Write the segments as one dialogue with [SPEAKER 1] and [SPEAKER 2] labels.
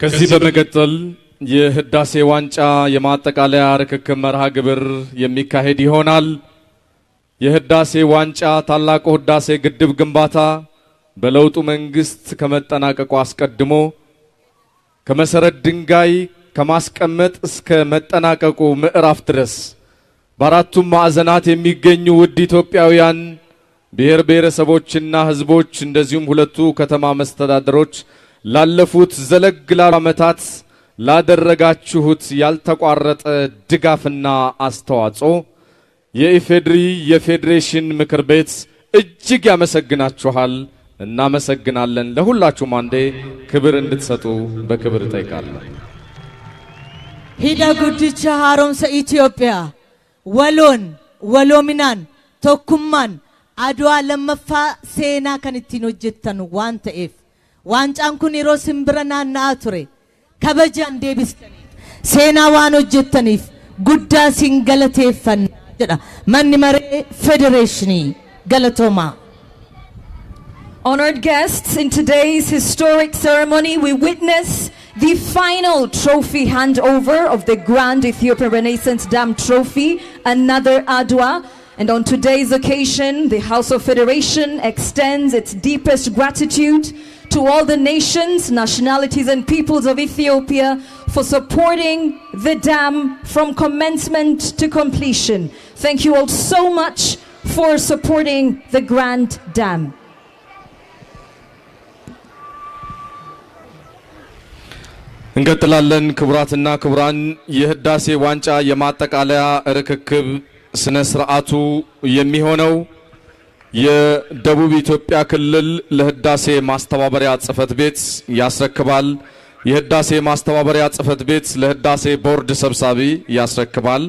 [SPEAKER 1] ከዚህ በመቀጠል የህዳሴ ዋንጫ የማጠቃለያ ርክክብ መርሃ ግብር የሚካሄድ ይሆናል። የህዳሴ ዋንጫ ታላቁ ህዳሴ ግድብ ግንባታ በለውጡ መንግስት ከመጠናቀቁ አስቀድሞ ከመሰረት ድንጋይ ከማስቀመጥ እስከ መጠናቀቁ ምዕራፍ ድረስ በአራቱም ማዕዘናት የሚገኙ ውድ ኢትዮጵያውያን ብሔር ብሔረሰቦችና ህዝቦች እንደዚሁም ሁለቱ ከተማ መስተዳደሮች ላለፉት ዘለግ ላሉ ዓመታት ላደረጋችሁት ያልተቋረጠ ድጋፍና አስተዋጽኦ የኢፌድሪ የፌዴሬሽን ምክር ቤት እጅግ ያመሰግናችኋል። እናመሰግናለን። ለሁላችሁም አንዴ ክብር እንድትሰጡ በክብር እጠይቃለሁ።
[SPEAKER 2] ሂደ ጉዲቻ ሀሮምሰ ኢትዮጵያ ወሎን ወሎሚናን ቶኩማን አድዋ ለመፋ ሴና ከን ኢቲን ዋን ተኤፍ Honored guests, in
[SPEAKER 3] today's historic ceremony, we witness the final trophy handover of the Grand Ethiopian Renaissance Dam Trophy, another Adwa. And on today's occasion, the House of Federation extends its deepest gratitude to all the nations, nationalities, and peoples of Ethiopia for supporting the dam from commencement to completion. Thank you all so much for supporting the Grand Dam.
[SPEAKER 1] እንቀጥላለን። ክቡራትና ክቡራን የህዳሴ ዋንጫ የማጠቃለያ ርክክብ ስነ ስርዓቱ የሚሆነው የደቡብ ኢትዮጵያ ክልል ለህዳሴ ማስተባበሪያ ጽህፈት ቤት ያስረክባል። የህዳሴ ማስተባበሪያ ጽህፈት ቤት ለህዳሴ ቦርድ ሰብሳቢ ያስረክባል።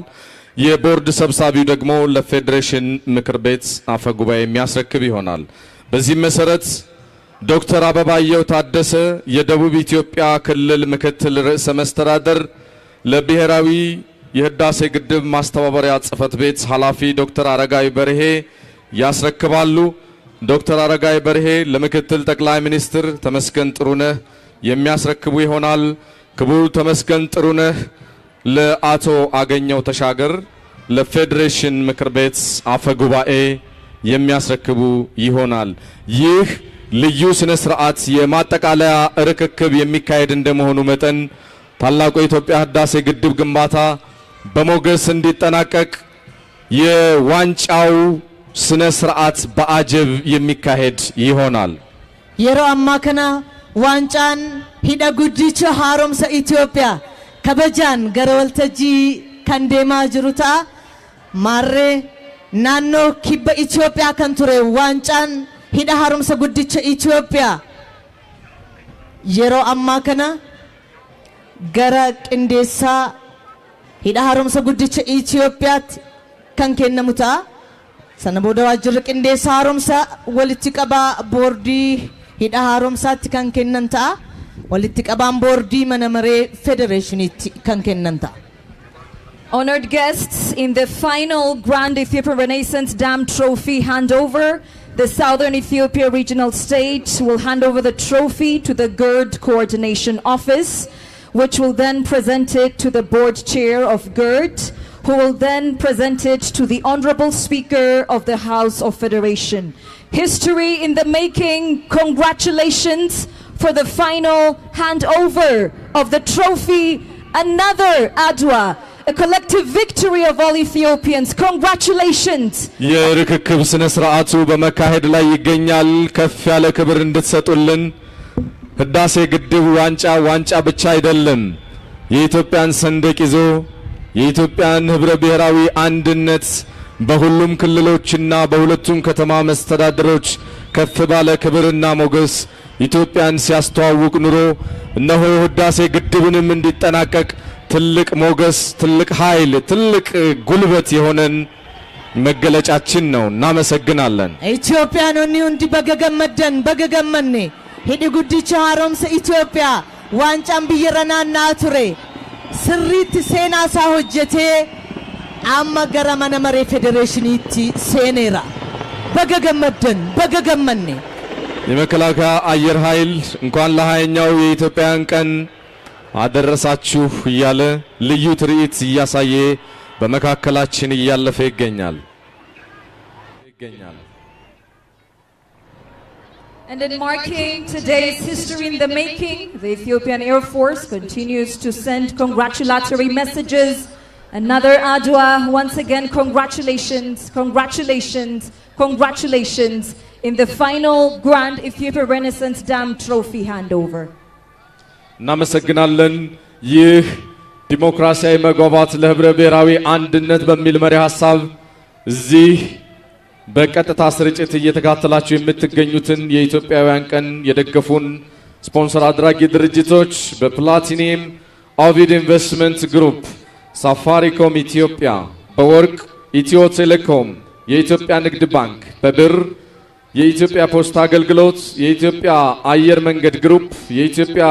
[SPEAKER 1] የቦርድ ሰብሳቢው ደግሞ ለፌዴሬሽን ምክር ቤት አፈ ጉባኤ የሚያስረክብ ይሆናል። በዚህም መሰረት ዶክተር አበባየው ታደሰ የደቡብ ኢትዮጵያ ክልል ምክትል ርዕሰ መስተዳደር ለብሔራዊ የህዳሴ ግድብ ማስተባበሪያ ጽህፈት ቤት ኃላፊ ዶክተር አረጋዊ በርሄ ያስረክባሉ። ዶክተር አረጋይ በርሄ ለምክትል ጠቅላይ ሚኒስትር ተመስገን ጥሩነህ የሚያስረክቡ ይሆናል። ክቡር ተመስገን ጥሩነህ ለአቶ አገኘው ተሻገር ለፌዴሬሽን ምክር ቤት አፈ ጉባኤ የሚያስረክቡ ይሆናል። ይህ ልዩ ስነ ስርዓት የማጠቃለያ ርክክብ የሚካሄድ እንደመሆኑ መጠን ታላቁ የኢትዮጵያ ህዳሴ ግድብ ግንባታ በሞገስ እንዲጠናቀቅ የዋንጫው ስነ ስርዓት በአጀብ የሚካሄድ ይሆናል።
[SPEAKER 2] የሮ አማከና ዋንጫን ሂደ ጉዲቸ ሃሮምሰ ኢትዮጵያ ከበጃን ገረወልተጂ ከንዴማ ጅሩታ ማሬ ናኖ ኪበ ኢትዮጵያ ከንቱሬ ዋንጫን ሂደ ሃሮምሰ ጉዲቸ ኢትዮጵያ የሮ አማከና ገረ ቅንዴሳ ሂደ ሃሮምሰ ጉዲቸ ኢትዮጵያት ከንኬነሙታ Sana booda waajjirri qindeessa haaromsaa walitti qabaa boordii hidha haaromsaatti kan kennan ta'a. Walitti qabaan boordii mana maree federeeshiniitti kan kennan ta'a.
[SPEAKER 3] Honored guests, in the final Grand Ethiopian Renaissance Dam Trophy handover, the Southern Ethiopia Regional State will hand over the trophy to the GERD Coordination Office, which will then present it to the board chair of GERD who will then present it to the Honorable Speaker of the House of Federation. History in the making. Congratulations for the final handover of the trophy. Another Adwa. a collective victory of all Ethiopians. Congratulations.
[SPEAKER 1] የርክክብ ስነ ስርዓቱ በመካሄድ ላይ ይገኛል። ከፍ ያለ ክብር እንድትሰጡልን። ህዳሴ ግድብ ዋንጫ ዋንጫ ብቻ አይደለም፣ የኢትዮጵያን ሰንደቅ ይዞ የኢትዮጵያን ህብረ ብሔራዊ አንድነት በሁሉም ክልሎችና በሁለቱም ከተማ መስተዳድሮች ከፍ ባለ ክብርና ሞገስ ኢትዮጵያን ሲያስተዋውቅ ኑሮ እነሆ የህዳሴ ግድብንም እንዲጠናቀቅ ትልቅ ሞገስ፣ ትልቅ ኃይል፣ ትልቅ ጉልበት የሆነን መገለጫችን ነው። እናመሰግናለን።
[SPEAKER 2] ኢትዮጵያን ኒው እንዲ በገገመደን በገገመኔ ሂድ ጉዲቻ ሀሮምሰ ኢትዮጵያ ዋንጫም ብየረና ናቱሬ sirriitti seenaasaa hojjetee amma gara mana maree federeeshiniitti seeneera baga gammaddan baga gammanne
[SPEAKER 1] የመከላከያ አየር ኃይል እንኳን ለሀያኛው የኢትዮጵያን ቀን አደረሳችሁ እያለ ልዩ ትርኢት እያሳየ በመካከላችን እያለፈ ይገኛል ይገኛል
[SPEAKER 3] And in marking today's history in the making, the Ethiopian Air Force continues to send congratulatory messages. Another Adwa, once again, congratulations, congratulations, congratulations in the final Grand Ethiopia Renaissance Dam trophy handover.
[SPEAKER 1] እናመሰግናለን። ይህ ዲሞክራሲያዊ መግባባት ለህብረ ብሔራዊ አንድነት በሚል መሪ ሀሳብ እዚህ በቀጥታ ስርጭት እየተካተላችሁ የምትገኙትን የኢትዮጵያውያን ቀን የደገፉን ስፖንሰር አድራጊ ድርጅቶች በፕላቲኒየም ኦቪድ ኢንቨስትመንት ግሩፕ፣ ሳፋሪኮም ኢትዮጵያ፣ በወርቅ ኢትዮ ቴሌኮም፣ የኢትዮጵያ ንግድ ባንክ፣ በብር የኢትዮጵያ ፖስታ አገልግሎት፣ የኢትዮጵያ አየር መንገድ ግሩፕ፣ የኢትዮጵያ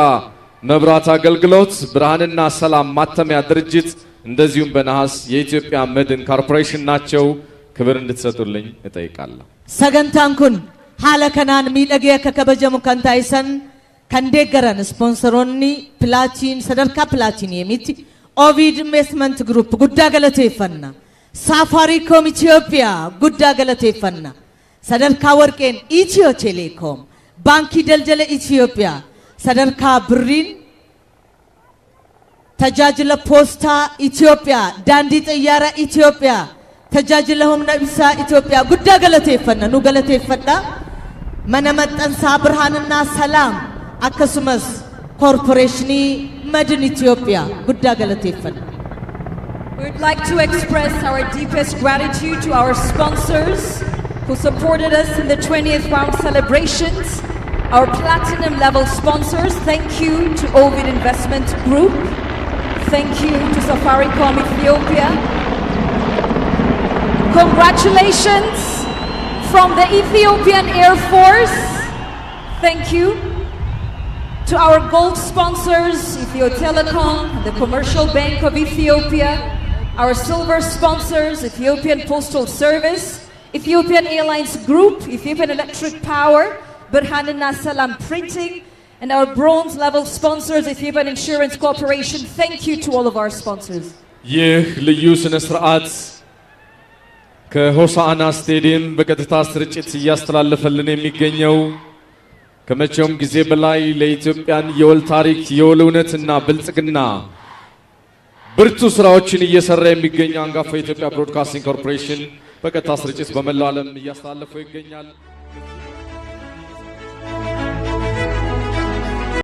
[SPEAKER 1] መብራት አገልግሎት፣ ብርሃንና ሰላም ማተሚያ ድርጅት እንደዚሁም በነሐስ የኢትዮጵያ መድን ኮርፖሬሽን ናቸው። ክብር እንድትሰጡልኝ እጠይቃለሁ።
[SPEAKER 2] ሰገንታንኩን ሀለከናን ሀለ ከከበጀሙ ከንታይሰን ከንዴገረን ስፖንሰሮኒ ፕላቲን ሰደርካ ፕላቲን የሚት ኦቪድ ኢንቨስትመንት ግሩፕ ጉዳ ይፈና ሳፋሪኮም ኢትዮጵያ ጉዳ ይፈና ሰደርካ ወርቄን ኢትዮ ቴሌኮም ባንኪ ደልጀለ ኢትዮጵያ ሰደርካ ብሪን ተጃጅለ ፖስታ ኢትዮጵያ ዳንዲ ጥያራ ኢትዮጵያ nu Mana Madin
[SPEAKER 3] We would like to express our deepest gratitude to our sponsors who supported us in the 20th round celebrations. Our platinum level sponsors, thank you to Ovid Investment Group. Thank you to Safaricom Ethiopia Congratulations from the Ethiopian Air Force. Thank you. To our gold sponsors, Ethio Telecom, the Commercial Bank of Ethiopia, our silver sponsors, Ethiopian Postal Service, Ethiopian Airlines Group, Ethiopian Electric Power, Berhanen Nasalam Printing, and our bronze level sponsors, Ethiopian Insurance Corporation. Thank you to all of our sponsors.
[SPEAKER 1] ከሆሳአና ስቴዲየም በቀጥታ ስርጭት እያስተላለፈልን የሚገኘው ከመቼውም ጊዜ በላይ ለኢትዮጵያን የወል ታሪክ የወል እውነትና ብልጽግና ብርቱ ስራዎችን እየሰራ የሚገኘው አንጋፋ የኢትዮጵያ ብሮድካስቲንግ ኮርፖሬሽን በቀጥታ ስርጭት በመላው ዓለም እያስተላለፈው ይገኛል።